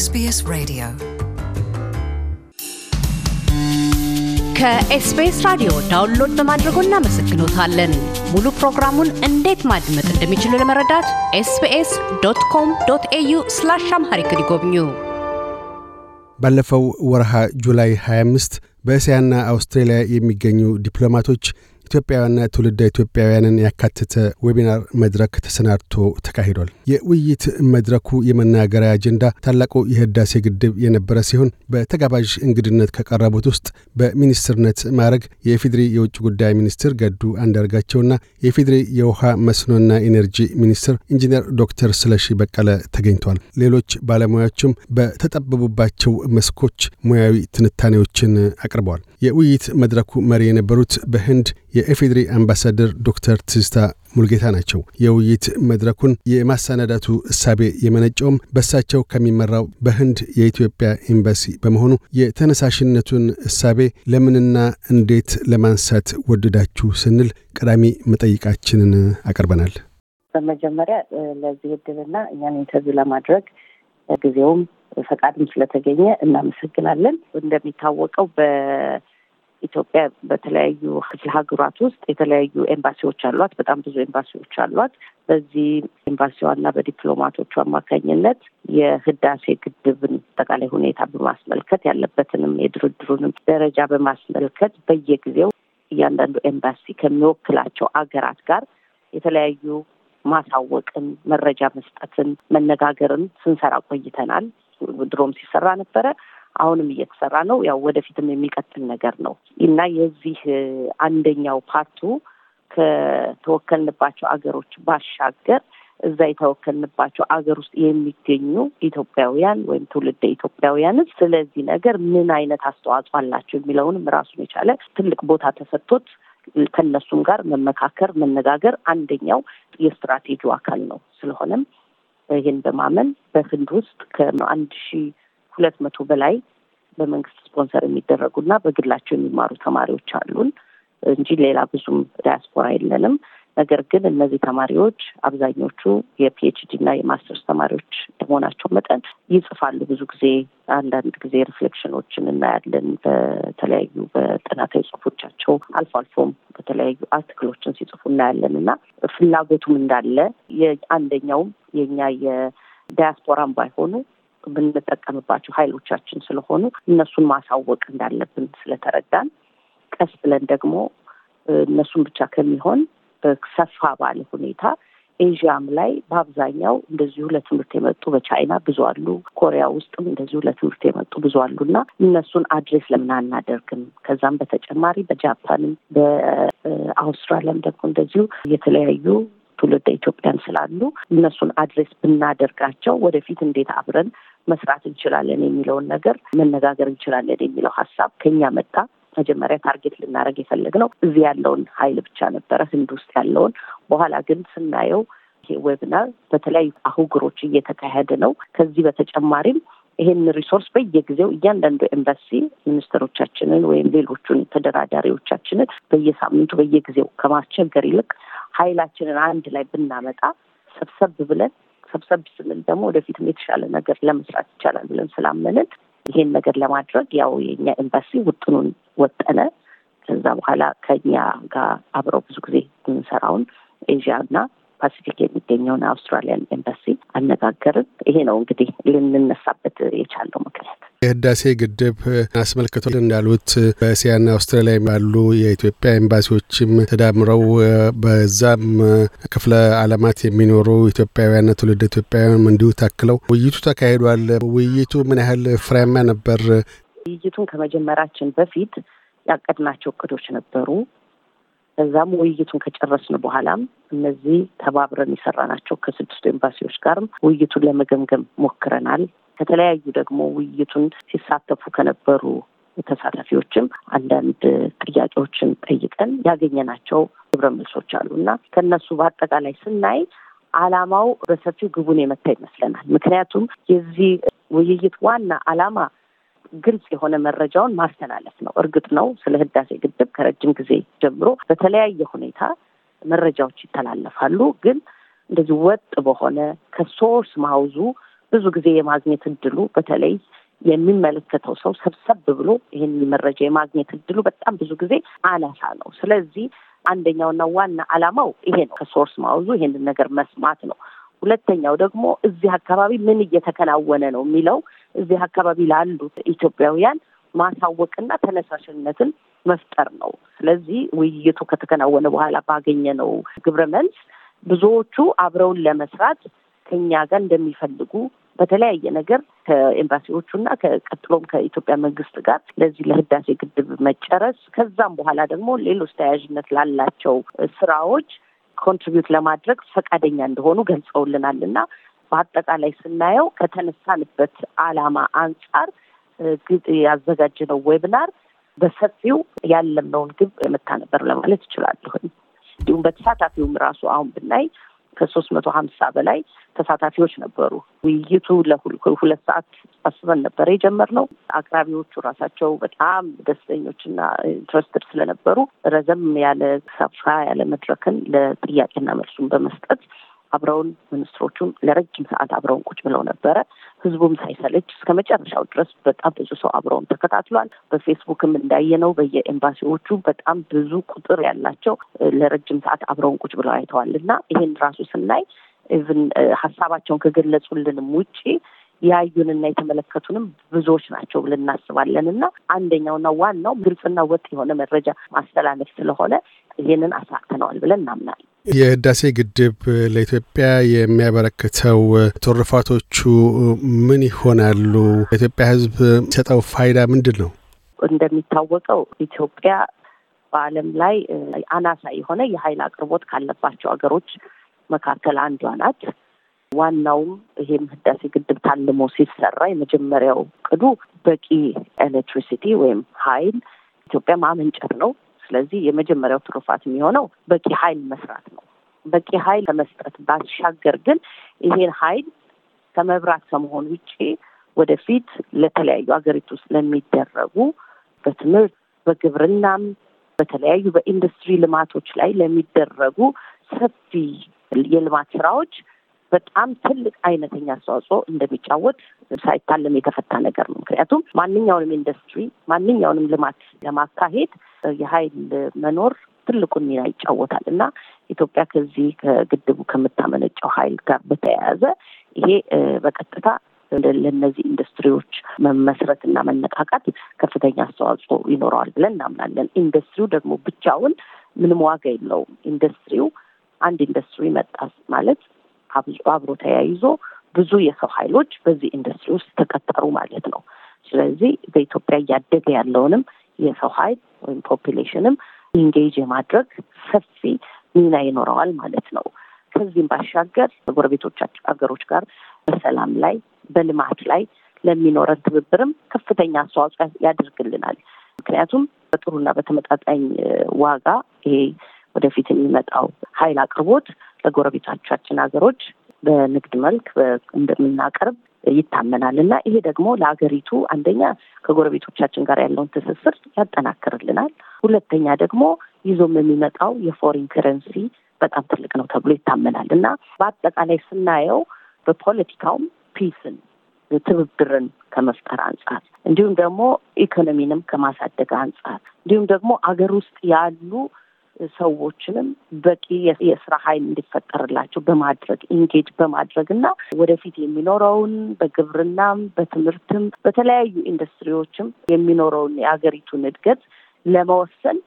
ኤስቢኤስ Radio ከኤስቢኤስ ራዲዮ ዳውንሎድ በማድረጎ እናመሰግኖታለን። ሙሉ ፕሮግራሙን እንዴት ማድመጥ እንደሚችሉ ለመረዳት ኤስቢኤስ ዶት ኮም ዶት ኤዩ ስላሽ አምሃሪክ ይጎብኙ። ባለፈው ወርሃ ጁላይ 25 በእስያና አውስትራሊያ የሚገኙ ዲፕሎማቶች ኢትዮጵያውያንና ትውልደ ኢትዮጵያውያንን ያካተተ ዌቢናር መድረክ ተሰናድቶ ተካሂዷል። የውይይት መድረኩ የመናገሪያ አጀንዳ ታላቁ የህዳሴ ግድብ የነበረ ሲሆን በተጋባዥ እንግድነት ከቀረቡት ውስጥ በሚኒስትርነት ማዕረግ የኢፌዴሪ የውጭ ጉዳይ ሚኒስትር ገዱ አንዳርጋቸውና የኢፌዴሪ የውሃ መስኖና ኢነርጂ ሚኒስትር ኢንጂነር ዶክተር ስለሺ በቀለ ተገኝተዋል። ሌሎች ባለሙያዎችም በተጠበቡባቸው መስኮች ሙያዊ ትንታኔዎችን አቅርበዋል። የውይይት መድረኩ መሪ የነበሩት በህንድ የኤፌድሪ አምባሳደር ዶክተር ትዝታ ሙልጌታ ናቸው። የውይይት መድረኩን የማሰናዳቱ እሳቤ የመነጨውም በሳቸው ከሚመራው በህንድ የኢትዮጵያ ኤምባሲ በመሆኑ የተነሳሽነቱን እሳቤ ለምንና እንዴት ለማንሳት ወደዳችሁ ስንል ቀዳሚ መጠይቃችንን አቅርበናል። በመጀመሪያ ለዚህ እድልና እኛን ኢንተርቪው ለማድረግ ጊዜውም ፈቃድም ስለተገኘ እናመሰግናለን። እንደሚታወቀው በ ኢትዮጵያ በተለያዩ ክፍለ ሀገራት ውስጥ የተለያዩ ኤምባሲዎች አሏት። በጣም ብዙ ኤምባሲዎች አሏት። በዚህ ኤምባሲዋና በዲፕሎማቶቹ አማካኝነት የህዳሴ ግድብን አጠቃላይ ሁኔታ በማስመልከት ያለበትንም የድርድሩንም ደረጃ በማስመልከት በየጊዜው እያንዳንዱ ኤምባሲ ከሚወክላቸው አገራት ጋር የተለያዩ ማሳወቅን፣ መረጃ መስጠትን፣ መነጋገርን ስንሰራ ቆይተናል። ድሮም ሲሰራ ነበረ። አሁንም እየተሰራ ነው። ያው ወደፊትም የሚቀጥል ነገር ነው እና የዚህ አንደኛው ፓርቱ ከተወከልንባቸው አገሮች ባሻገር እዛ የተወከልንባቸው አገር ውስጥ የሚገኙ ኢትዮጵያውያን ወይም ትውልደ ኢትዮጵያውያን ስለዚህ ነገር ምን አይነት አስተዋጽኦ አላቸው የሚለውንም ራሱን የቻለ ትልቅ ቦታ ተሰጥቶት ከነሱም ጋር መመካከር፣ መነጋገር አንደኛው የስትራቴጂው አካል ነው። ስለሆነም ይህን በማመን በህንድ ውስጥ ከአንድ ሺ ሁለት መቶ በላይ በመንግስት ስፖንሰር የሚደረጉ ና በግላቸው የሚማሩ ተማሪዎች አሉን እንጂ ሌላ ብዙም ዳያስፖራ የለንም። ነገር ግን እነዚህ ተማሪዎች አብዛኞቹ የፒኤችዲ እና የማስተርስ ተማሪዎች መሆናቸው መጠን ይጽፋሉ። ብዙ ጊዜ አንዳንድ ጊዜ ሪፍሌክሽኖችን እናያለን በተለያዩ በጥናታዊ ጽሁፎቻቸው፣ አልፎ አልፎም በተለያዩ አርቲክሎችን ሲጽፉ እናያለን እና ፍላጎቱም እንዳለ የአንደኛውም የኛ የዳያስፖራም ባይሆኑ ብንጠቀምባቸው ኃይሎቻችን ስለሆኑ እነሱን ማሳወቅ እንዳለብን ስለተረዳን ቀስ ብለን ደግሞ እነሱን ብቻ ከሚሆን ሰፋ ባለ ሁኔታ ኤዥያም ላይ በአብዛኛው እንደዚሁ ለትምህርት የመጡ በቻይና ብዙ አሉ። ኮሪያ ውስጥም እንደዚሁ ለትምህርት የመጡ ብዙ አሉ እና እነሱን አድሬስ ለምን አናደርግም? ከዛም በተጨማሪ በጃፓንም በአውስትራሊያም ደግሞ እንደዚሁ የተለያዩ ትውልደ ኢትዮጵያን ስላሉ እነሱን አድሬስ ብናደርጋቸው ወደፊት እንዴት አብረን መስራት እንችላለን የሚለውን ነገር መነጋገር እንችላለን የሚለው ሀሳብ ከኛ መጣ። መጀመሪያ ታርጌት ልናደርግ የፈለግነው እዚህ ያለውን ሀይል ብቻ ነበረ፣ ህንድ ውስጥ ያለውን። በኋላ ግን ስናየው ዌብናር በተለያዩ አህጉሮች እየተካሄደ ነው። ከዚህ በተጨማሪም ይሄን ሪሶርስ በየጊዜው እያንዳንዱ ኤምባሲ ሚኒስትሮቻችንን ወይም ሌሎቹን ተደራዳሪዎቻችንን በየሳምንቱ በየጊዜው ከማስቸገር ይልቅ ሀይላችንን አንድ ላይ ብናመጣ ሰብሰብ ብለን ሰብሰብ ስልን ደግሞ ወደፊትም የተሻለ ነገር ለመስራት ይቻላል ብለን ስላመንን ይሄን ነገር ለማድረግ ያው የኛ ኤምባሲ ውጥኑን ወጠነ። ከዛ በኋላ ከኛ ጋር አብረው ብዙ ጊዜ የምንሰራውን ኤዥያ እና ፓሲፊክ የሚገኘውን አውስትራሊያን ኤምባሲ አነጋገርን። ይሄ ነው እንግዲህ ልንነሳበት የቻለው ምክንያት። የህዳሴ ግድብ አስመልክቶ እንዳሉት በእስያና አውስትራሊያ ያሉ የኢትዮጵያ ኤምባሲዎችም ተዳምረው በዛም ክፍለ ዓለማት የሚኖሩ ኢትዮጵያውያንና ትውልድ ኢትዮጵያውያን እንዲሁ ታክለው ውይይቱ ተካሂዷል። ውይይቱ ምን ያህል ፍሬያማ ነበር? ውይይቱን ከመጀመራችን በፊት ያቀድናቸው እቅዶች ነበሩ። ከዛም ውይይቱን ከጨረስን በኋላም እነዚህ ተባብረን የሰራናቸው ከስድስቱ ኤምባሲዎች ጋርም ውይይቱን ለመገምገም ሞክረናል። ከተለያዩ ደግሞ ውይይቱን ሲሳተፉ ከነበሩ ተሳታፊዎችም አንዳንድ ጥያቄዎችን ጠይቀን ያገኘናቸው ግብረ መልሶች አሉ እና ከነሱ በአጠቃላይ ስናይ ዓላማው በሰፊው ግቡን የመታ ይመስለናል። ምክንያቱም የዚህ ውይይት ዋና ዓላማ ግልጽ የሆነ መረጃውን ማስተላለፍ ነው። እርግጥ ነው ስለ ህዳሴ ግድብ ከረጅም ጊዜ ጀምሮ በተለያየ ሁኔታ መረጃዎች ይተላለፋሉ። ግን እንደዚህ ወጥ በሆነ ከሶርስ ማውዙ ብዙ ጊዜ የማግኘት እድሉ በተለይ የሚመለከተው ሰው ሰብሰብ ብሎ ይህን መረጃ የማግኘት እድሉ በጣም ብዙ ጊዜ አናሳ ነው። ስለዚህ አንደኛውና ዋና ዓላማው ይሄ ነው፣ ከሶርስ ማውዙ ይሄንን ነገር መስማት ነው። ሁለተኛው ደግሞ እዚህ አካባቢ ምን እየተከናወነ ነው የሚለው እዚህ አካባቢ ላሉት ኢትዮጵያውያን ማሳወቅና ተነሳሽነትን መፍጠር ነው። ስለዚህ ውይይቱ ከተከናወነ በኋላ ባገኘነው ግብረ መልስ ብዙዎቹ አብረውን ለመስራት ከኛ ጋር እንደሚፈልጉ በተለያየ ነገር ከኤምባሲዎቹና ከቀጥሎም ከኢትዮጵያ መንግስት ጋር ለዚህ ለህዳሴ ግድብ መጨረስ ከዛም በኋላ ደግሞ ሌሎች ተያያዥነት ላላቸው ስራዎች ኮንትሪቢዩት ለማድረግ ፈቃደኛ እንደሆኑ ገልጸውልናል እና በአጠቃላይ ስናየው ከተነሳንበት አላማ አንጻር ያዘጋጀነው ዌብናር በሰፊው ያለምነውን ግብ የመታ ነበር ለማለት ይችላለሁ። እንዲሁም በተሳታፊውም ራሱ አሁን ብናይ ከሶስት መቶ ሀምሳ በላይ ተሳታፊዎች ነበሩ። ውይይቱ ለሁለት ሰዓት አስበን ነበረ የጀመርነው። አቅራቢዎቹ ራሳቸው በጣም ደስተኞችና ኢንትረስትድ ስለነበሩ ረዘም ያለ ሰፋ ያለ መድረክን ለጥያቄና መልሱን በመስጠት አብረውን ሚኒስትሮቹን ለረጅም ሰዓት አብረውን ቁጭ ብለው ነበረ። ህዝቡም ሳይሰለች እስከ መጨረሻው ድረስ በጣም ብዙ ሰው አብረውን ተከታትሏል። በፌስቡክም እንዳየነው በየኤምባሲዎቹ በጣም ብዙ ቁጥር ያላቸው ለረጅም ሰዓት አብረውን ቁጭ ብለው አይተዋል እና ይሄን ራሱ ስናይ ኢቭን ሀሳባቸውን ከገለጹልንም ውጪ ያዩንና የተመለከቱንም ብዙዎች ናቸው ብለን እናስባለን እና አንደኛውና ዋናው ግልጽና ወጥ የሆነ መረጃ ማስተላለፍ ስለሆነ ይህንን አሳክተነዋል ብለን እናምናለን። የህዳሴ ግድብ ለኢትዮጵያ የሚያበረክተው ትሩፋቶቹ ምን ይሆናሉ? ለኢትዮጵያ ህዝብ የሚሰጠው ፋይዳ ምንድን ነው? እንደሚታወቀው ኢትዮጵያ በዓለም ላይ አናሳ የሆነ የኃይል አቅርቦት ካለባቸው ሀገሮች መካከል አንዷ ናት። ዋናውም ይሄም ህዳሴ ግድብ ታልሞ ሲሰራ የመጀመሪያው ቅዱ በቂ ኤሌክትሪሲቲ ወይም ኃይል ኢትዮጵያ ማመንጨት ነው። ስለዚህ የመጀመሪያው ትሩፋት የሚሆነው በቂ ኃይል መስራት ነው። በቂ ኃይል ከመስጠት ባሻገር ግን ይሄን ኃይል ከመብራት ከመሆን ውጭ ወደፊት ለተለያዩ ሀገሪቱ ውስጥ ለሚደረጉ በትምህርት በግብርናም በተለያዩ በኢንዱስትሪ ልማቶች ላይ ለሚደረጉ ሰፊ የልማት ስራዎች በጣም ትልቅ አይነተኛ አስተዋጽኦ እንደሚጫወት ሳይታለም የተፈታ ነገር ነው። ምክንያቱም ማንኛውንም ኢንዱስትሪ ማንኛውንም ልማት ለማካሄድ የኃይል መኖር ትልቁን ሚና ይጫወታል እና ኢትዮጵያ ከዚህ ከግድቡ ከምታመነጨው ኃይል ጋር በተያያዘ ይሄ በቀጥታ ለእነዚህ ኢንዱስትሪዎች መመስረት እና መነቃቃት ከፍተኛ አስተዋጽኦ ይኖረዋል ብለን እናምናለን። ኢንዱስትሪው ደግሞ ብቻውን ምንም ዋጋ የለውም። ኢንዱስትሪው አንድ ኢንዱስትሪ መጣ ማለት አብሮ ተያይዞ ብዙ የሰው ኃይሎች በዚህ ኢንዱስትሪ ውስጥ ተቀጠሩ ማለት ነው። ስለዚህ በኢትዮጵያ እያደገ ያለውንም የሰው ኃይል ወይም ፖፕሌሽንም ኢንጌጅ የማድረግ ሰፊ ሚና ይኖረዋል ማለት ነው። ከዚህም ባሻገር ከጎረቤቶች ሀገሮች ጋር በሰላም ላይ በልማት ላይ ለሚኖረን ትብብርም ከፍተኛ አስተዋጽኦ ያደርግልናል። ምክንያቱም በጥሩና በተመጣጣኝ ዋጋ ይሄ ወደፊት የሚመጣው ኃይል አቅርቦት ለጎረቤቶቻችን ሀገሮች በንግድ መልክ እንደምናቀርብ ይታመናል እና ይሄ ደግሞ ለሀገሪቱ አንደኛ ከጎረቤቶቻችን ጋር ያለውን ትስስር ያጠናክርልናል፣ ሁለተኛ ደግሞ ይዞም የሚመጣው የፎሪን ከረንሲ በጣም ትልቅ ነው ተብሎ ይታመናል እና በአጠቃላይ ስናየው በፖለቲካውም ፒስን ትብብርን ከመፍጠር አንጻር እንዲሁም ደግሞ ኢኮኖሚንም ከማሳደግ አንጻር እንዲሁም ደግሞ አገር ውስጥ ያሉ ሰዎችንም በቂ የስራ ኃይል እንዲፈጠርላቸው በማድረግ ኢንጌጅ በማድረግ እና ወደፊት የሚኖረውን በግብርናም በትምህርትም በተለያዩ ኢንዱስትሪዎችም የሚኖረውን የሀገሪቱን እድገት ለመወሰን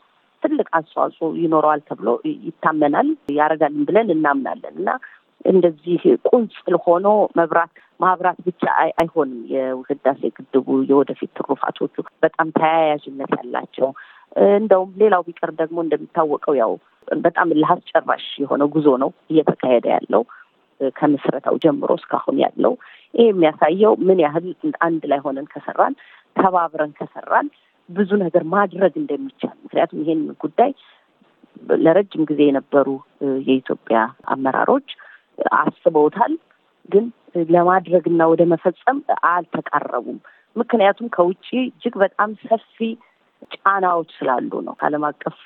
ትልቅ አስተዋጽኦ ይኖረዋል ተብሎ ይታመናል ያደርጋልን ብለን እናምናለን እና እንደዚህ ቁንጽል ሆኖ መብራት ማብራት ብቻ አይሆንም። የህዳሴ ግድቡ የወደፊት ትሩፋቶቹ በጣም ተያያዥነት ያላቸው እንደውም ሌላው ቢቀር ደግሞ እንደሚታወቀው ያው በጣም ለአስጨራሽ የሆነ ጉዞ ነው እየተካሄደ ያለው ከምስረታው ጀምሮ እስካሁን ያለው። ይህ የሚያሳየው ምን ያህል አንድ ላይ ሆነን ከሰራን፣ ተባብረን ከሰራን ብዙ ነገር ማድረግ እንደሚቻል ምክንያቱም ይሄን ጉዳይ ለረጅም ጊዜ የነበሩ የኢትዮጵያ አመራሮች አስበውታል፣ ግን ለማድረግና ወደ መፈጸም አልተቃረቡም። ምክንያቱም ከውጭ እጅግ በጣም ሰፊ ጫናዎች ስላሉ ነው። ከዓለም አቀፍ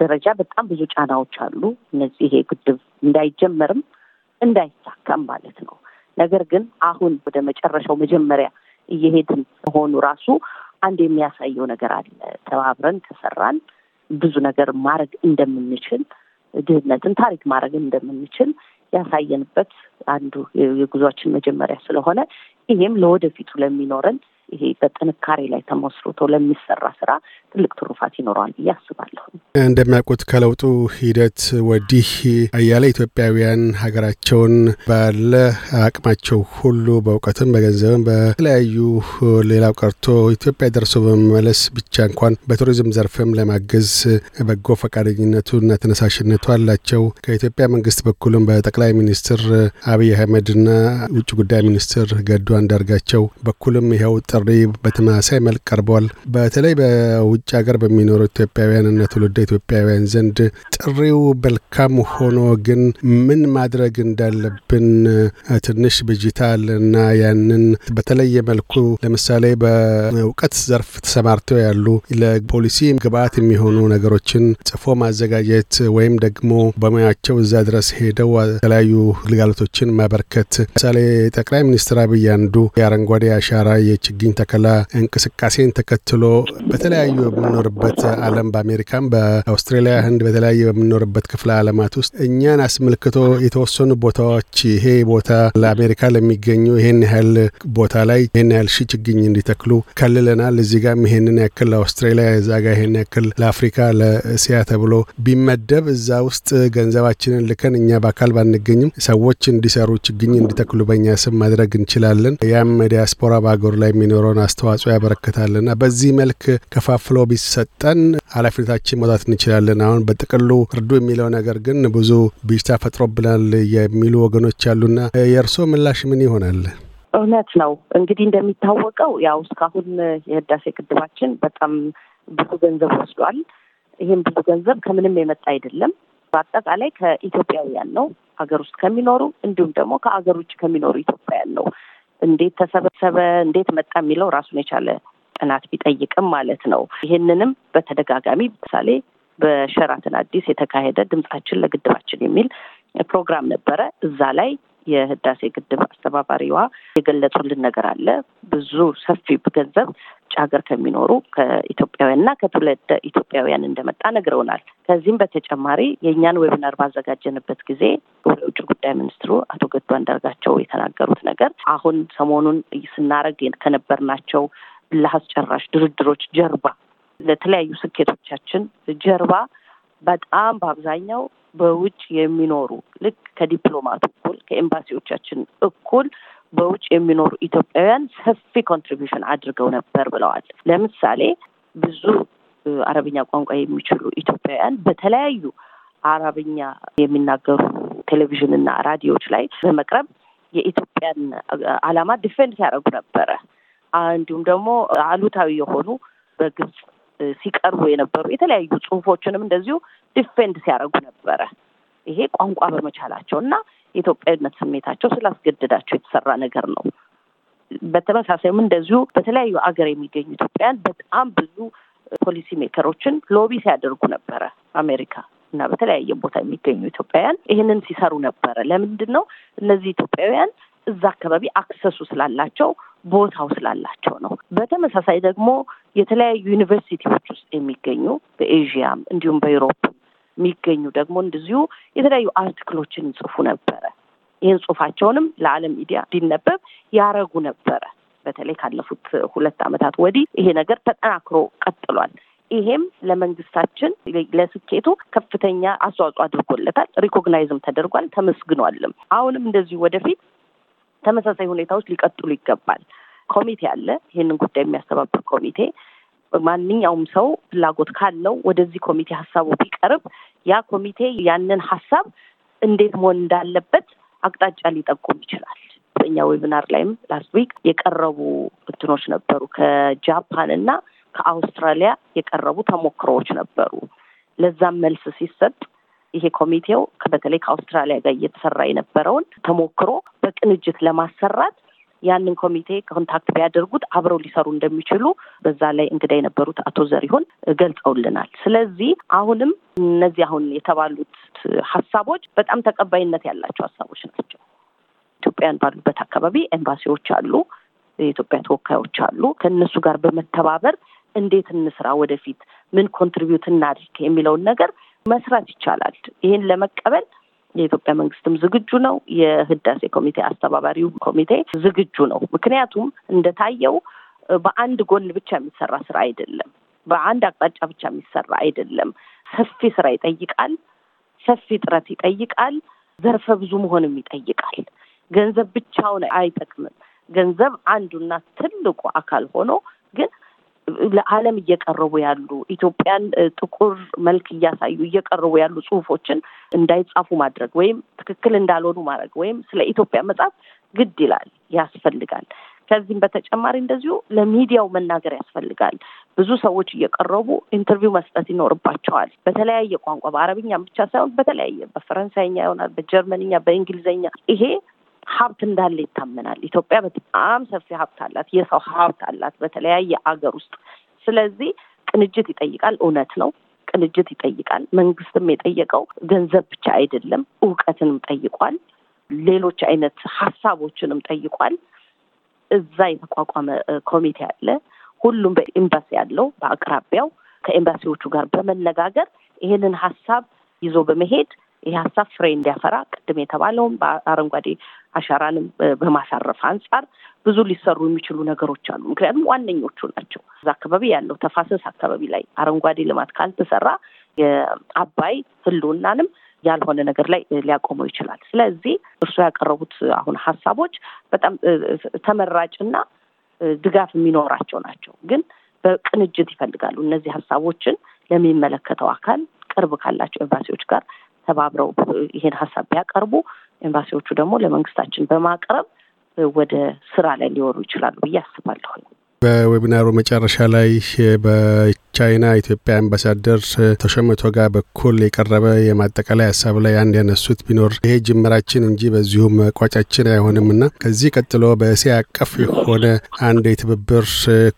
ደረጃ በጣም ብዙ ጫናዎች አሉ። እነዚህ ይሄ ግድብ እንዳይጀመርም እንዳይሳካም ማለት ነው። ነገር ግን አሁን ወደ መጨረሻው መጀመሪያ እየሄድን መሆኑ ራሱ አንድ የሚያሳየው ነገር አለ። ተባብረን ከሰራን ብዙ ነገር ማድረግ እንደምንችል፣ ድህነትን ታሪክ ማድረግ እንደምንችል ያሳየንበት አንዱ የጉዟችን መጀመሪያ ስለሆነ ይህም ለወደፊቱ ለሚኖረን ይሄ በጥንካሬ ላይ ተመስርቶ ለሚሰራ ስራ ትልቅ ትሩፋት ይኖረዋል ብዬ አስባለሁ። እንደሚያውቁት ከለውጡ ሂደት ወዲህ አያለ ኢትዮጵያውያን ሀገራቸውን ባለ አቅማቸው ሁሉ በእውቀትም፣ በገንዘብም፣ በተለያዩ ሌላው ቀርቶ ኢትዮጵያ ደርሶ በመመለስ ብቻ እንኳን በቱሪዝም ዘርፍም ለማገዝ በጎ እና ተነሳሽነቱ አላቸው። ከኢትዮጵያ መንግስት በኩልም በጠቅላይ ሚኒስትር አብይ አህመድና ውጭ ጉዳይ ሚኒስትር ገዱ አንዳርጋቸው በኩልም ይኸው ጥሪ በተመሳሳይ መልክ ቀርቧል። በተለይ በውጭ ሀገር በሚኖሩ ኢትዮጵያውያንና ትውልደ ኢትዮጵያውያን ዘንድ ጥሪው መልካም ሆኖ ግን ምን ማድረግ እንዳለብን ትንሽ ብጅታ አለና ያንን በተለየ መልኩ ለምሳሌ በእውቀት ዘርፍ ተሰማርተው ያሉ ለፖሊሲ ግብአት የሚሆኑ ነገሮችን ጽፎ ማዘጋጀት ወይም ደግሞ በሙያቸው እዛ ድረስ ሄደው የተለያዩ ግልጋሎቶችን ማበርከት ለምሳሌ ጠቅላይ ሚኒስትር አብይ አንዱ የአረንጓዴ አሻራ የችግ ችግኝ ተከላ እንቅስቃሴን ተከትሎ በተለያዩ በምኖርበት ዓለም በአሜሪካም፣ በአውስትራሊያ፣ ህንድ በተለያየ በምኖርበት ክፍለ ዓለማት ውስጥ እኛን አስመልክቶ የተወሰኑ ቦታዎች ይሄ ቦታ ለአሜሪካ ለሚገኙ ይህን ያህል ቦታ ላይ ይህን ያህል ሺ ችግኝ እንዲተክሉ ከልለናል፣ እዚህ ጋም ይሄንን ያክል ለአውስትራሊያ፣ እዛ ጋ ይሄን ያክል ለአፍሪካ፣ ለእስያ ተብሎ ቢመደብ እዛ ውስጥ ገንዘባችንን ልከን እኛ በአካል ባንገኝም ሰዎች እንዲሰሩ ችግኝ እንዲተክሉ በእኛ ስም ማድረግ እንችላለን። ያም ዲያስፖራ በአገሩ ላይ የሚኖ የዶሮን አስተዋጽኦ ያበረክታልና በዚህ መልክ ከፋፍሎ ቢሰጠን ኃላፊነታችን መውጣት እንችላለን። አሁን በጥቅሉ እርዱ የሚለው ነገር ግን ብዙ ብዥታ ፈጥሮብናል የሚሉ ወገኖች አሉና የእርስዎ ምላሽ ምን ይሆናል? እውነት ነው እንግዲህ እንደሚታወቀው ያው እስካሁን የህዳሴ ግድባችን በጣም ብዙ ገንዘብ ወስዷል። ይህም ብዙ ገንዘብ ከምንም የመጣ አይደለም። በአጠቃላይ ከኢትዮጵያውያን ነው ሀገር ውስጥ ከሚኖሩ እንዲሁም ደግሞ ከሀገር ውጭ ከሚኖሩ ኢትዮጵያውያን ነው እንዴት ተሰበሰበ፣ እንዴት መጣ የሚለው ራሱን የቻለ ጥናት ቢጠይቅም ማለት ነው። ይህንንም በተደጋጋሚ ምሳሌ በሸራትን አዲስ የተካሄደ ድምጻችን ለግድባችን የሚል ፕሮግራም ነበረ። እዛ ላይ የህዳሴ ግድብ አስተባባሪዋ የገለጹልን ነገር አለ። ብዙ ሰፊ ገንዘብ ውጭ ሀገር ከሚኖሩ ከኢትዮጵያውያንና ከትውልደ ኢትዮጵያውያን እንደመጣ ነግረውናል። ከዚህም በተጨማሪ የእኛን ዌብናር ባዘጋጀንበት ጊዜ የውጭ ጉዳይ ሚኒስትሩ አቶ ገዱ አንዳርጋቸው የተናገሩት ነገር አሁን ሰሞኑን ስናረግ ከነበርናቸው እልህ አስጨራሽ ድርድሮች ጀርባ ለተለያዩ ስኬቶቻችን ጀርባ በጣም በአብዛኛው በውጭ የሚኖሩ ልክ ከዲፕሎማት እኩል ከኤምባሲዎቻችን እኩል በውጭ የሚኖሩ ኢትዮጵያውያን ሰፊ ኮንትሪቢሽን አድርገው ነበር ብለዋል። ለምሳሌ ብዙ አረብኛ ቋንቋ የሚችሉ ኢትዮጵያውያን በተለያዩ አረብኛ የሚናገሩ ቴሌቪዥንና ራዲዮዎች ላይ በመቅረብ የኢትዮጵያን ዓላማ ዲፌንድ ሲያደርጉ ነበረ። እንዲሁም ደግሞ አሉታዊ የሆኑ በግብጽ ሲቀርቡ የነበሩ የተለያዩ ጽሁፎችንም እንደዚሁ ዲፌንድ ሲያደርጉ ነበረ። ይሄ ቋንቋ በመቻላቸው እና የኢትዮጵያዊነት ስሜታቸው ስላስገደዳቸው የተሰራ ነገር ነው። በተመሳሳይም እንደዚሁ በተለያዩ አገር የሚገኙ ኢትዮጵያውያን በጣም ብዙ ፖሊሲ ሜከሮችን ሎቢ ሲያደርጉ ነበረ። አሜሪካ እና በተለያየ ቦታ የሚገኙ ኢትዮጵያውያን ይህንን ሲሰሩ ነበረ። ለምንድን ነው እነዚህ ኢትዮጵያውያን እዛ አካባቢ አክሰሱ ስላላቸው ቦታው ስላላቸው ነው። በተመሳሳይ ደግሞ የተለያዩ ዩኒቨርሲቲዎች ውስጥ የሚገኙ በኤዥያም እንዲሁም በዩሮፕ የሚገኙ ደግሞ እንደዚሁ የተለያዩ አርቲክሎችን ይጽፉ ነበረ። ይህን ጽሁፋቸውንም ለዓለም ሚዲያ እንዲነበብ ያረጉ ነበረ። በተለይ ካለፉት ሁለት ዓመታት ወዲህ ይሄ ነገር ተጠናክሮ ቀጥሏል። ይሄም ለመንግስታችን ለስኬቱ ከፍተኛ አስተዋጽኦ አድርጎለታል። ሪኮግናይዝም ተደርጓል፣ ተመስግኗልም። አሁንም እንደዚሁ ወደፊት ተመሳሳይ ሁኔታዎች ሊቀጥሉ ይገባል። ኮሚቴ አለ። ይህንን ጉዳይ የሚያስተባብር ኮሚቴ ማንኛውም ሰው ፍላጎት ካለው ወደዚህ ኮሚቴ ሀሳቡ ቢቀርብ ያ ኮሚቴ ያንን ሀሳብ እንዴት መሆን እንዳለበት አቅጣጫ ሊጠቁም ይችላል። በእኛ ዌብናር ላይም ላስት ዊክ የቀረቡ እንትኖች ነበሩ። ከጃፓን እና ከአውስትራሊያ የቀረቡ ተሞክሮዎች ነበሩ። ለዛም መልስ ሲሰጥ ይሄ ኮሚቴው በተለይ ከአውስትራሊያ ጋር እየተሰራ የነበረውን ተሞክሮ በቅንጅት ለማሰራት ያንን ኮሚቴ ኮንታክት ቢያደርጉት አብረው ሊሰሩ እንደሚችሉ በዛ ላይ እንግዳ የነበሩት አቶ ዘሪሁን ገልጸውልናል። ስለዚህ አሁንም እነዚህ አሁን የተባሉት ሀሳቦች በጣም ተቀባይነት ያላቸው ሀሳቦች ናቸው። ኢትዮጵያን ባሉበት አካባቢ ኤምባሲዎች አሉ፣ የኢትዮጵያ ተወካዮች አሉ። ከእነሱ ጋር በመተባበር እንዴት እንስራ፣ ወደፊት ምን ኮንትሪቢዩት እናድርግ የሚለውን ነገር መስራት ይቻላል። ይህን ለመቀበል የኢትዮጵያ መንግስትም ዝግጁ ነው። የህዳሴ ኮሚቴ አስተባባሪው ኮሚቴ ዝግጁ ነው። ምክንያቱም እንደታየው በአንድ ጎን ብቻ የሚሰራ ስራ አይደለም። በአንድ አቅጣጫ ብቻ የሚሰራ አይደለም። ሰፊ ስራ ይጠይቃል። ሰፊ ጥረት ይጠይቃል። ዘርፈ ብዙ መሆንም ይጠይቃል። ገንዘብ ብቻውን አይጠቅምም። ገንዘብ አንዱና ትልቁ አካል ሆኖ ግን ለዓለም እየቀረቡ ያሉ ኢትዮጵያን ጥቁር መልክ እያሳዩ እየቀረቡ ያሉ ጽሁፎችን እንዳይጻፉ ማድረግ ወይም ትክክል እንዳልሆኑ ማድረግ ወይም ስለ ኢትዮጵያ መጽሐፍ ግድ ይላል ያስፈልጋል። ከዚህም በተጨማሪ እንደዚሁ ለሚዲያው መናገር ያስፈልጋል። ብዙ ሰዎች እየቀረቡ ኢንተርቪው መስጠት ይኖርባቸዋል። በተለያየ ቋንቋ በአረብኛ ብቻ ሳይሆን በተለያየ በፈረንሳይኛ ይሆናል፣ በጀርመንኛ፣ በእንግሊዝኛ ይሄ ሀብት እንዳለ ይታመናል። ኢትዮጵያ በጣም ሰፊ ሀብት አላት፣ የሰው ሀብት አላት በተለያየ አገር ውስጥ። ስለዚህ ቅንጅት ይጠይቃል። እውነት ነው፣ ቅንጅት ይጠይቃል። መንግስትም የጠየቀው ገንዘብ ብቻ አይደለም፣ እውቀትንም ጠይቋል። ሌሎች አይነት ሀሳቦችንም ጠይቋል። እዛ የተቋቋመ ኮሚቴ አለ። ሁሉም በኤምባሲ ያለው በአቅራቢያው ከኤምባሲዎቹ ጋር በመነጋገር ይሄንን ሀሳብ ይዞ በመሄድ ይህ ሀሳብ ፍሬ እንዲያፈራ ቅድም የተባለውም በአረንጓዴ አሻራንም በማሳረፍ አንጻር ብዙ ሊሰሩ የሚችሉ ነገሮች አሉ። ምክንያቱም ዋነኞቹ ናቸው። እዛ አካባቢ ያለው ተፋሰስ አካባቢ ላይ አረንጓዴ ልማት ካልተሰራ የአባይ ሕልውናንም ያልሆነ ነገር ላይ ሊያቆመው ይችላል። ስለዚህ እርሱ ያቀረቡት አሁን ሀሳቦች በጣም ተመራጭና ድጋፍ የሚኖራቸው ናቸው። ግን በቅንጅት ይፈልጋሉ እነዚህ ሀሳቦችን ለሚመለከተው አካል ቅርብ ካላቸው ኤምባሲዎች ጋር ተባብረው ይሄን ሀሳብ ቢያቀርቡ ኤምባሲዎቹ ደግሞ ለመንግስታችን በማቅረብ ወደ ስራ ላይ ሊወሩ ይችላሉ ብዬ አስባለሁ። በዌቢናሩ መጨረሻ ላይ በቻይና ኢትዮጵያ አምባሳደር ተሸምቶ ጋር በኩል የቀረበ የማጠቃላይ ሀሳብ ላይ አንድ ያነሱት ቢኖር ይሄ ጅምራችን እንጂ በዚሁ መቋጫችን አይሆንም እና ከዚህ ቀጥሎ በእስያ አቀፍ የሆነ አንድ የትብብር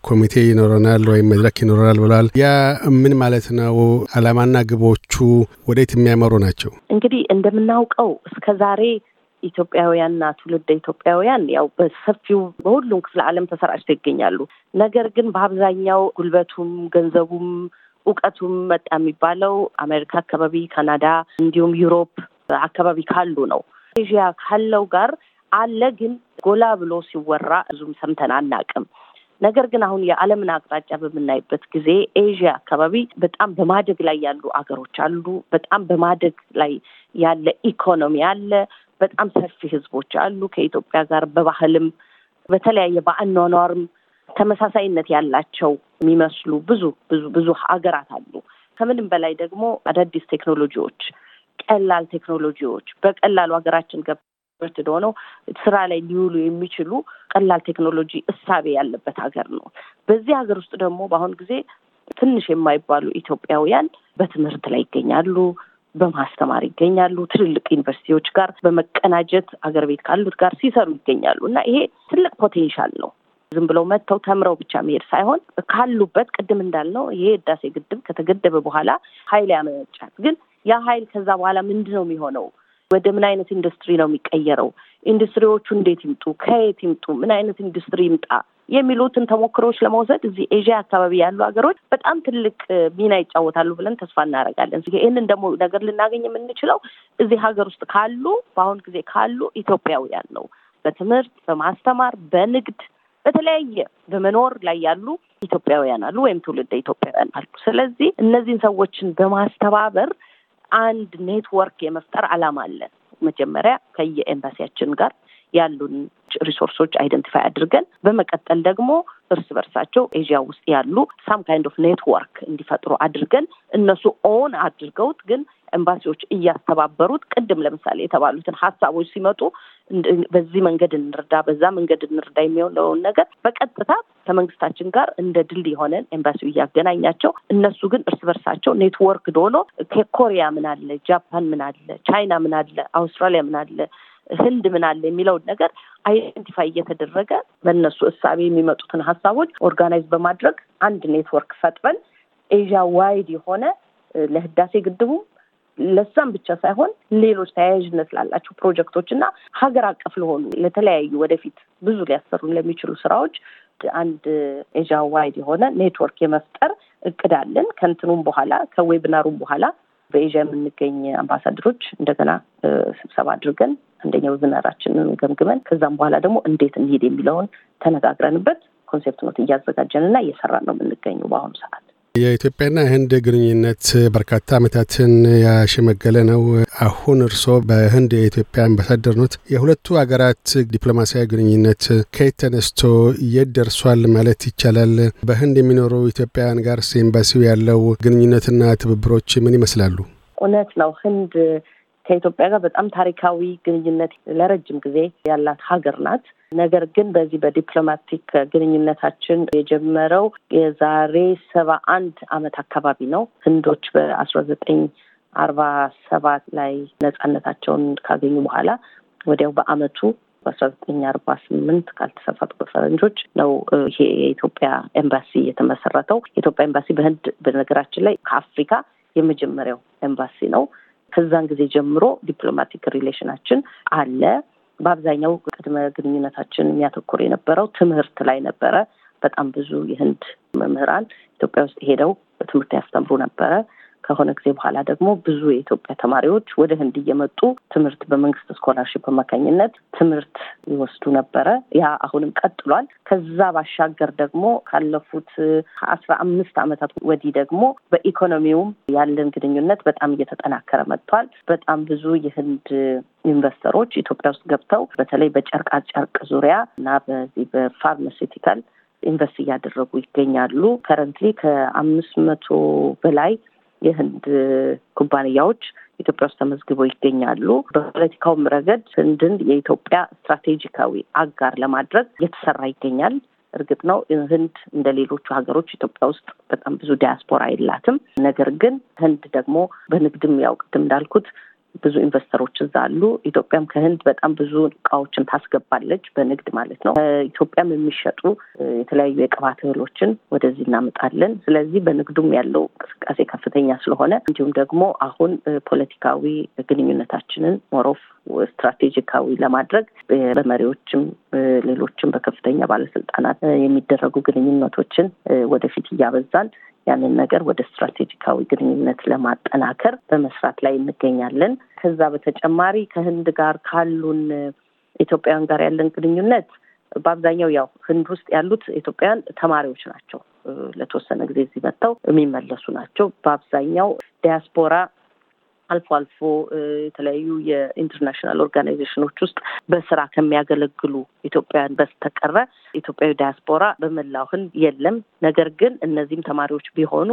ኮሚቴ ይኖረናል ወይም መድረክ ይኖረናል ብለዋል። ያ ምን ማለት ነው? አላማና ግቦቹ ወዴት የሚያመሩ ናቸው? እንግዲህ እንደምናውቀው እስከዛሬ ኢትዮጵያውያንና ትውልደ ኢትዮጵያውያን ያው በሰፊው በሁሉም ክፍለ ዓለም ተሰራጭተው ይገኛሉ። ነገር ግን በአብዛኛው ጉልበቱም ገንዘቡም እውቀቱም መጣ የሚባለው አሜሪካ አካባቢ፣ ካናዳ እንዲሁም ዩሮፕ አካባቢ ካሉ ነው። ኤዥያ ካለው ጋር አለ፣ ግን ጎላ ብሎ ሲወራ ብዙም ሰምተን አናቅም። ነገር ግን አሁን የዓለምን አቅጣጫ በምናይበት ጊዜ ኤዥያ አካባቢ በጣም በማደግ ላይ ያሉ አገሮች አሉ። በጣም በማደግ ላይ ያለ ኢኮኖሚ አለ። በጣም ሰፊ ህዝቦች አሉ። ከኢትዮጵያ ጋር በባህልም በተለያየ በአኗኗርም ተመሳሳይነት ያላቸው የሚመስሉ ብዙ ብዙ ብዙ ሀገራት አሉ። ከምንም በላይ ደግሞ አዳዲስ ቴክኖሎጂዎች፣ ቀላል ቴክኖሎጂዎች በቀላሉ ሀገራችን ገብት ሆነው ስራ ላይ ሊውሉ የሚችሉ ቀላል ቴክኖሎጂ እሳቤ ያለበት ሀገር ነው። በዚህ ሀገር ውስጥ ደግሞ በአሁን ጊዜ ትንሽ የማይባሉ ኢትዮጵያውያን በትምህርት ላይ ይገኛሉ። በማስተማር ይገኛሉ። ትልልቅ ዩኒቨርሲቲዎች ጋር በመቀናጀት አገር ቤት ካሉት ጋር ሲሰሩ ይገኛሉ እና ይሄ ትልቅ ፖቴንሻል ነው። ዝም ብለው መጥተው ተምረው ብቻ መሄድ ሳይሆን ካሉበት ቅድም እንዳልነው ይሄ ህዳሴ ግድብ ከተገደበ በኋላ ኃይል ያመነጫል። ግን ያ ኃይል ከዛ በኋላ ምንድን ነው የሚሆነው? ወደ ምን አይነት ኢንዱስትሪ ነው የሚቀየረው? ኢንዱስትሪዎቹ እንዴት ይምጡ? ከየት ይምጡ? ምን አይነት ኢንዱስትሪ ይምጣ? የሚሉትን ተሞክሮዎች ለመውሰድ እዚህ ኤዥያ አካባቢ ያሉ ሀገሮች በጣም ትልቅ ሚና ይጫወታሉ ብለን ተስፋ እናደርጋለን። ይህንን ደግሞ ነገር ልናገኝ የምንችለው እዚህ ሀገር ውስጥ ካሉ በአሁን ጊዜ ካሉ ኢትዮጵያውያን ነው። በትምህርት፣ በማስተማር፣ በንግድ በተለያየ በመኖር ላይ ያሉ ኢትዮጵያውያን አሉ ወይም ትውልደ ኢትዮጵያውያን አሉ። ስለዚህ እነዚህን ሰዎችን በማስተባበር አንድ ኔትወርክ የመፍጠር ዓላማ አለን። መጀመሪያ ከየኤምባሲያችን ጋር ያሉን ሪሶርሶች አይደንቲፋይ አድርገን በመቀጠል ደግሞ እርስ በርሳቸው ኤዥያ ውስጥ ያሉ ሳም ካይንድ ኦፍ ኔትወርክ እንዲፈጥሩ አድርገን እነሱ ኦን አድርገውት ግን ኤምባሲዎች እያስተባበሩት ቅድም ለምሳሌ የተባሉትን ሀሳቦች ሲመጡ በዚህ መንገድ እንርዳ፣ በዛ መንገድ እንርዳ የሚሆነውን ነገር በቀጥታ ከመንግስታችን ጋር እንደ ድልድይ የሆነን ኤምባሲው እያገናኛቸው እነሱ ግን እርስ በርሳቸው ኔትወርክ ዶሎ ከኮሪያ ምን አለ፣ ጃፓን ምን አለ፣ ቻይና ምን አለ፣ አውስትራሊያ ምን አለ ህንድ ምን አለ የሚለውን ነገር አይደንቲፋይ እየተደረገ በእነሱ እሳቤ የሚመጡትን ሀሳቦች ኦርጋናይዝ በማድረግ አንድ ኔትወርክ ፈጥረን ኤዥያ ዋይድ የሆነ ለህዳሴ ግድቡም ለዛም ብቻ ሳይሆን ሌሎች ተያያዥነት ላላቸው ፕሮጀክቶች እና ሀገር አቀፍ ለሆኑ ለተለያዩ ወደፊት ብዙ ሊያሰሩ ለሚችሉ ስራዎች አንድ ኤዥያ ዋይድ የሆነ ኔትወርክ የመፍጠር እቅድ አለን። ከንትኑም በኋላ ከዌብናሩም በኋላ በኤዥያ የምንገኝ አምባሳደሮች እንደገና ስብሰባ አድርገን አንደኛ ዌብናራችንን ገምግመን ከዛም በኋላ ደግሞ እንዴት እንሄድ የሚለውን ተነጋግረንበት ኮንሴፕት ኖት እያዘጋጀንና እየሰራን ነው የምንገኘው በአሁኑ ሰዓት። የኢትዮጵያና ህንድ ግንኙነት በርካታ ዓመታትን ያሸመገለ ነው። አሁን እርስዎ በህንድ የኢትዮጵያ አምባሳደር ኖት። የሁለቱ ሀገራት ዲፕሎማሲያዊ ግንኙነት ከየት ተነስቶ የት ደርሷል ማለት ይቻላል? በህንድ የሚኖሩ ኢትዮጵያውያን ጋር ኤምባሲው ያለው ግንኙነትና ትብብሮች ምን ይመስላሉ? እውነት ነው ህንድ ከኢትዮጵያ ጋር በጣም ታሪካዊ ግንኙነት ለረጅም ጊዜ ያላት ሀገር ናት። ነገር ግን በዚህ በዲፕሎማቲክ ግንኙነታችን የጀመረው የዛሬ ሰባ አንድ አመት አካባቢ ነው። ህንዶች በአስራ ዘጠኝ አርባ ሰባት ላይ ነጻነታቸውን ካገኙ በኋላ ወዲያው በአመቱ በአስራ ዘጠኝ አርባ ስምንት ካልተሳሳትኩ በፈረንጆች ነው ይሄ የኢትዮጵያ ኤምባሲ የተመሰረተው። የኢትዮጵያ ኤምባሲ በህንድ በነገራችን ላይ ከአፍሪካ የመጀመሪያው ኤምባሲ ነው። ከዛን ጊዜ ጀምሮ ዲፕሎማቲክ ሪሌሽናችን አለ። በአብዛኛው ቅድመ ግንኙነታችን የሚያተኩር የነበረው ትምህርት ላይ ነበረ። በጣም ብዙ የህንድ መምህራን ኢትዮጵያ ውስጥ ሄደው ትምህርት ያስተምሩ ነበረ። ከሆነ ጊዜ በኋላ ደግሞ ብዙ የኢትዮጵያ ተማሪዎች ወደ ህንድ እየመጡ ትምህርት በመንግስት ስኮላርሽፕ አማካኝነት ትምህርት ይወስዱ ነበረ። ያ አሁንም ቀጥሏል። ከዛ ባሻገር ደግሞ ካለፉት አስራ አምስት ዓመታት ወዲህ ደግሞ በኢኮኖሚውም ያለን ግንኙነት በጣም እየተጠናከረ መጥቷል። በጣም ብዙ የህንድ ኢንቨስተሮች ኢትዮጵያ ውስጥ ገብተው በተለይ በጨርቃ ጨርቅ ዙሪያ እና በዚህ በፋርማሲውቲካል ኢንቨስት እያደረጉ ይገኛሉ። ከረንትሊ ከአምስት መቶ በላይ የህንድ ኩባንያዎች ኢትዮጵያ ውስጥ ተመዝግበው ይገኛሉ። በፖለቲካውም ረገድ ህንድን የኢትዮጵያ ስትራቴጂካዊ አጋር ለማድረግ እየተሰራ ይገኛል። እርግጥ ነው ህንድ እንደ ሌሎቹ ሀገሮች ኢትዮጵያ ውስጥ በጣም ብዙ ዲያስፖራ የላትም። ነገር ግን ህንድ ደግሞ በንግድም ያው ቅድም እንዳልኩት ብዙ ኢንቨስተሮች እዛ አሉ። ኢትዮጵያም ከህንድ በጣም ብዙ እቃዎችን ታስገባለች፣ በንግድ ማለት ነው። ከኢትዮጵያም የሚሸጡ የተለያዩ የቅባት እህሎችን ወደዚህ እናመጣለን። ስለዚህ በንግዱም ያለው እንቅስቃሴ ከፍተኛ ስለሆነ እንዲሁም ደግሞ አሁን ፖለቲካዊ ግንኙነታችንን ሞሮፍ ስትራቴጂካዊ ለማድረግ በመሪዎችም ሌሎችም በከፍተኛ ባለስልጣናት የሚደረጉ ግንኙነቶችን ወደፊት እያበዛን ያንን ነገር ወደ ስትራቴጂካዊ ግንኙነት ለማጠናከር በመስራት ላይ እንገኛለን። ከዛ በተጨማሪ ከህንድ ጋር ካሉን ኢትዮጵያውያን ጋር ያለን ግንኙነት በአብዛኛው ያው ህንድ ውስጥ ያሉት ኢትዮጵያውያን ተማሪዎች ናቸው። ለተወሰነ ጊዜ እዚህ መጥተው የሚመለሱ ናቸው። በአብዛኛው ዲያስፖራ አልፎ አልፎ የተለያዩ የኢንተርናሽናል ኦርጋናይዜሽኖች ውስጥ በስራ ከሚያገለግሉ ኢትዮጵያውያን በስተቀረ ኢትዮጵያዊ ዲያስፖራ በመላው ህንድ የለም። ነገር ግን እነዚህም ተማሪዎች ቢሆኑ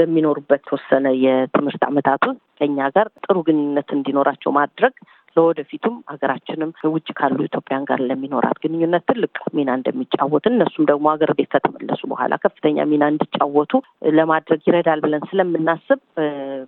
በሚኖሩበት ተወሰነ የትምህርት ዓመታት ውስጥ ከኛ ጋር ጥሩ ግንኙነት እንዲኖራቸው ማድረግ ለወደፊቱም ሀገራችንም ውጭ ካሉ ኢትዮጵያን ጋር ለሚኖራት ግንኙነት ትልቅ ሚና እንደሚጫወት እነሱም ደግሞ ሀገር ቤት ከተመለሱ በኋላ ከፍተኛ ሚና እንዲጫወቱ ለማድረግ ይረዳል ብለን ስለምናስብ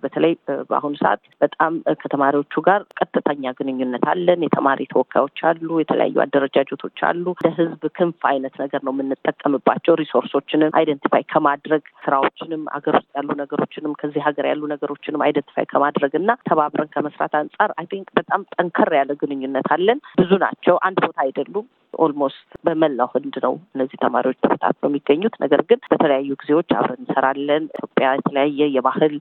በተለይ በአሁኑ ሰዓት በጣም ከተማሪዎቹ ጋር ቀጥተኛ ግንኙነት አለን። የተማሪ ተወካዮች አሉ። የተለያዩ አደረጃጀቶች አሉ። ለህዝብ ክንፍ አይነት ነገር ነው የምንጠቀምባቸው። ሪሶርሶችንም አይደንቲፋይ ከማድረግ ስራዎችንም ሀገር ውስጥ ያሉ ነገሮችንም ከዚህ ሀገር ያሉ ነገሮችንም አይደንቲፋይ ከማድረግ እና ተባብረን ከመስራት አንጻር አይ ቲንክ በጣም ጠንከር ያለ ግንኙነት አለን። ብዙ ናቸው፣ አንድ ቦታ አይደሉም። ኦልሞስት በመላው ህንድ ነው እነዚህ ተማሪዎች ተበታትነው የሚገኙት። ነገር ግን በተለያዩ ጊዜዎች አብረን እንሰራለን። ኢትዮጵያ የተለያየ የባህል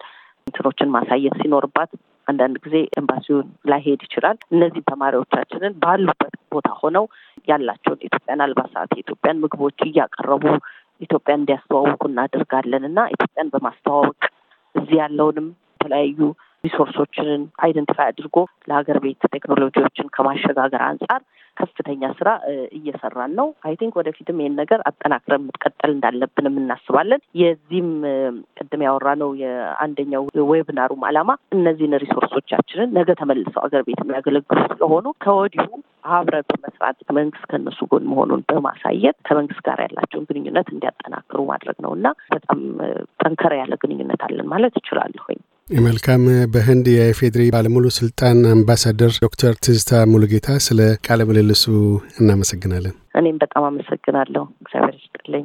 እንትኖችን ማሳየት ሲኖርባት አንዳንድ ጊዜ ኤምባሲውን ላይሄድ ይችላል። እነዚህ ተማሪዎቻችንን ባሉበት ቦታ ሆነው ያላቸውን የኢትዮጵያን አልባሳት፣ የኢትዮጵያን ምግቦች እያቀረቡ ኢትዮጵያን እንዲያስተዋውቁ እናደርጋለን እና ኢትዮጵያን በማስተዋወቅ እዚህ ያለውንም የተለያዩ ሪሶርሶችንን አይደንቲፋይ አድርጎ ለሀገር ቤት ቴክኖሎጂዎችን ከማሸጋገር አንጻር ከፍተኛ ስራ እየሰራን ነው። አይ ቲንክ ወደፊትም ይህን ነገር አጠናክረን የምትቀጠል እንዳለብንም እናስባለን። የዚህም ቅድም ነው የአንደኛው ዌብናሩም ዓላማ እነዚህን ሪሶርሶቻችንን ነገ ተመልሰው አገር ቤት የሚያገለግሉ ስለሆኑ ከወዲሁ አብረን በመስራት መንግስት ከእነሱ ጎን መሆኑን በማሳየት ከመንግስት ጋር ያላቸውን ግንኙነት እንዲያጠናክሩ ማድረግ ነው እና በጣም ጠንከር ያለ ግንኙነት አለን ማለት ወይም መልካም በህንድ የኢፌዴሪ ባለሙሉ ስልጣን አምባሳደር ዶክተር ትዝታ ሙሉጌታ ስለ ቃለ ምልልሱ እናመሰግናለን። እኔም በጣም አመሰግናለሁ። እግዚአብሔር ይስጥልኝ።